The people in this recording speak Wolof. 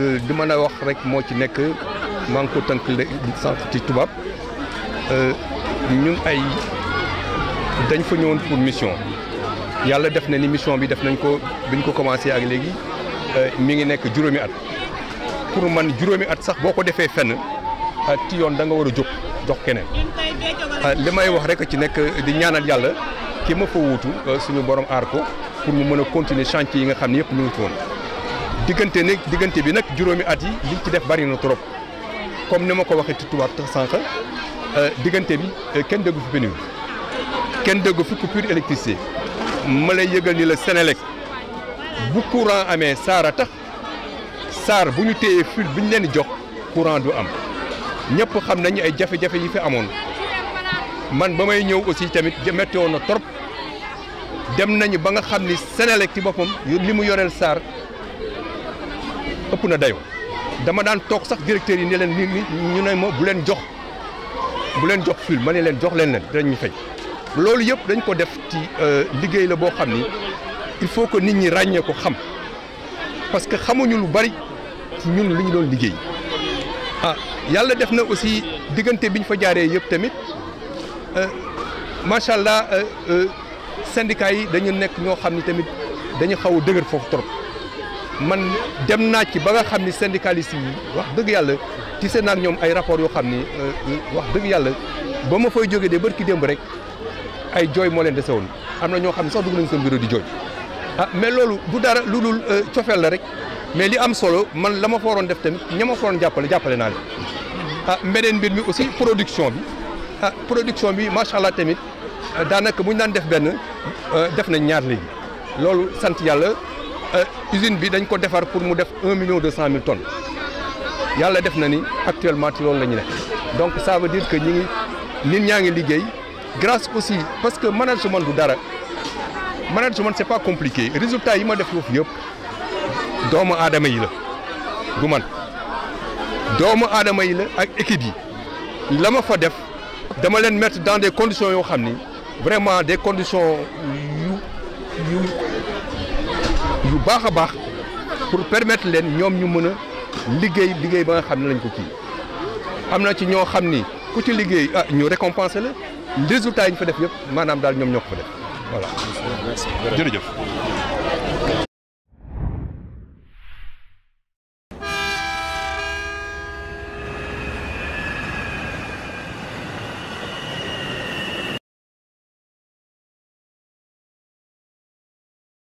di mën a wax rek moo ci nekk maa ngi ko tënk sànq ci tubaab euh, ñun ay dañ fa ñëwoon pour mission yàlla def na ni mission bi def nañ ko biñ ko commencé ak léegi euh, mi ngi nekk juróomi at pour man juróomi at sax boo ko defee fenn ah, ci yoon da nga war a jóg jox keneen ah, li may wax rek ci nekk di ñaanal yàlla ki ma fa wuutu euh, suñu borom aar ko pour mu mën a continuer chantier yi nga xam ne yëpp ñu ngi fi woon diggante ne diggante bi nag juróomi at yi liñ ci def bari na trop comme ni ma ko waxee ci tubaab tax sànq euh, diggante bi euh, kenn déggu fi pénurie kenn déggu fi coupure électricité ma lay yëgal ni la Sénélec bu courant amee saara tax saar bu ñu téyee fil bu ñu leen di jox courant du am ñëpp xam nañu ay jafe-jafe yi fi amoon man ba may ñëw aussi tamit météo na trop dem nañu ba nga xam ni Sénélec ci boppam li mu yoreel saar ëpp na dayoo dama daan toog sax directeur yi ne leen ni ñu ne ma bu leen jox bu leen jox fiil ma ne leen jox leen leen dinañ ñu loolu yëpp dañ ko def ci euh, liggéey la boo xam ni il faut que nit ñi ràññee ko xam parce que xamuñu lu bari ci ñun li ñu doon liggéey ah yàlla def na aussi diggante bi ñu fa jaaree yëpp tamit euh, macha allah euh, syndicat yi dañu nekk ñoo xam ni tamit dañu xaw a dëgër foofu trop. man dem naa ci ba nga xam ni syndicaliste yi wax dëgg yàlla tise naa ak ñoom ay rapport yoo xam ni euh, wax dëgg yàlla ba ma fay jógee de bërki démb rek ay jooy moo leen dese woon am na ñoo xam ne sax dugg nañ seen bureau di jooy ah mais loolu du dara lu dul euh, cofeel la rek mais li am solo man la ma fa waroon def tamit ña ma fa jàppale jàppale naa leen ah beneen mbir mi aussi production bi ah production bi macha allah tamit euh, daanaka bu daan def benn def nañ ñaar léegi loolu sant Euh, usine bi dañ ko defar pour mu def un million deux cent mille tonnes yàlla def na ni actuellement ci loolu la ñu ne donc ça veut dire que ñi ngi ñaa ngi liggéey grâce aussi parce que management du dara management c'est pas compliqué résultat yi ma def foofu yëpp doomu aadama yi la du man doomu aadama yi la ak équipe yi la ma fa def dama leen mettre dans des conditions yoo xam ni vraiment des conditions yu yu yu baax a baax pour permettre leen ñoom ñu mën a liggéey liggéey ba nga xam ne lañ ko kii am na ci ñoo xam ni ku ci liggéey ah ñu récompenser la résultat yi ñu fa def yëpp maanaam daal ñoom ñoo ko fa def jër jëf